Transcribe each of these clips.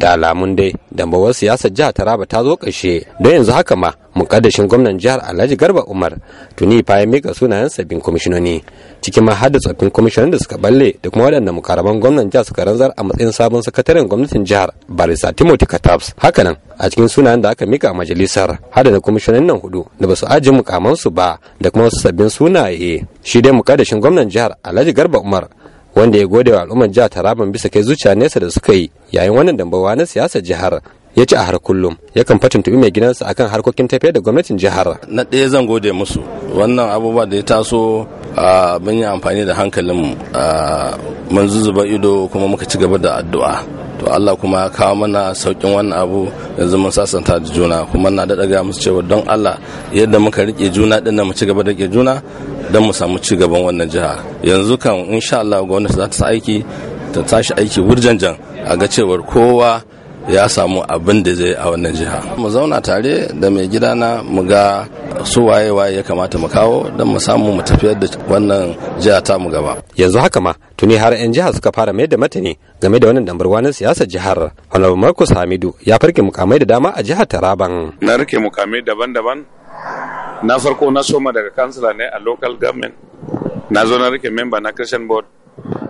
da alamun dai da dambawar siyasar jihar taraba ta zo ƙarshe don yanzu haka ma mukaddashin gwamnan jihar alhaji garba umar tuni fa ya mika sunayen sabbin kwamishinoni cikin ma har da tsoffin kwamishinan da suka balle da kuma waɗanda mukarraban gwamnan jihar suka ranzar a matsayin sabon sakataren gwamnatin jihar barisa timothy katabs hakanan a cikin sunayen da aka mika a majalisar hada da kwamishinan nan hudu da ba su ajiye mukamansu ba da kuma wasu sabbin sunaye shi dai mukaddashin gwamnan jihar alhaji garba umar wanda ya gode wa al'ummar jihar taraban bisa kai zuciya nesa da suka yi yayin wannan dambawa na siyasar jihar ya ci a har kullum yakan fatuntubi mai gidansa akan harkokin tafiya da gwamnatin jihar na ɗaya zan gode musu wannan abubuwa da ya taso mun yi amfani da hankalin mun zuzuba ido kuma muka ci gaba da addu'a to Allah kuma ya kawo mana saukin wannan abu yanzu mun sasanta juna kuma na daɗa ga musu cewa don Allah yadda muka riƙe juna ɗin mu ci gaba da riƙe juna don mu samu ci gaban wannan jiha yanzu kan insha Allah gwamnati za ta sa aiki ta tashi aiki wurjanjan a ga cewar kowa ya samu abin da zai a wannan jiha mu zauna tare da mai gidana mu ga su waye waye ya kamata mu kawo don mu samu mu tafiyar da wannan jiha ta mu gaba yanzu haka ma tuni har yan jiha suka fara mai da matani game da wannan dambarwa siyasar jihar honorable marcus hamidu ya farke mukamai da dama a jihar taraban na rike mukamai daban-daban na farko na soma daga kansila ne a local government na zo na rike member na christian board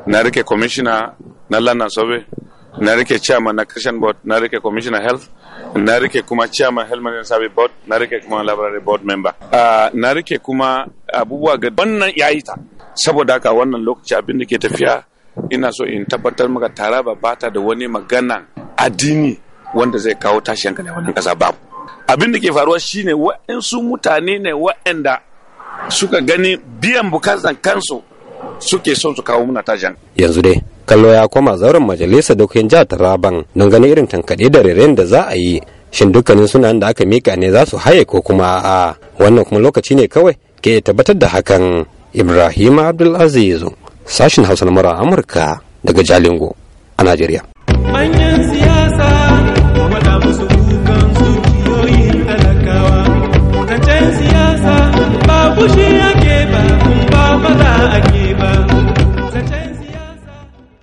na rike commissioner na london sobe na rike chairman na christian board na rike commissioner health na rike kuma chairman health management service board na rike kuma library board member ah, na rike kuma abubuwa ga wannan yayi ta saboda haka wannan lokaci abin da ke tafiya ina so in tabbatar maka taraba bata da wani magana addini wanda zai kawo tashi hankali wannan kasa babu abin da ke faruwa shine waɗansu mutane ne waɗanda suka gani biyan bukatan kansu suke son su kawo muna tajan. Yanzu dai, kallo ya koma zauren majalisa dokokin jihar Taraban don gani irin tankaɗe da rairayin da za a yi. Shin dukkanin sunan da aka mika ne za su haye ko kuma a wannan kuma lokaci ne kawai ke tabbatar da hakan. Ibrahim Abdulaziz, sashin Hausa na Amurka daga Jalingo a Najeriya.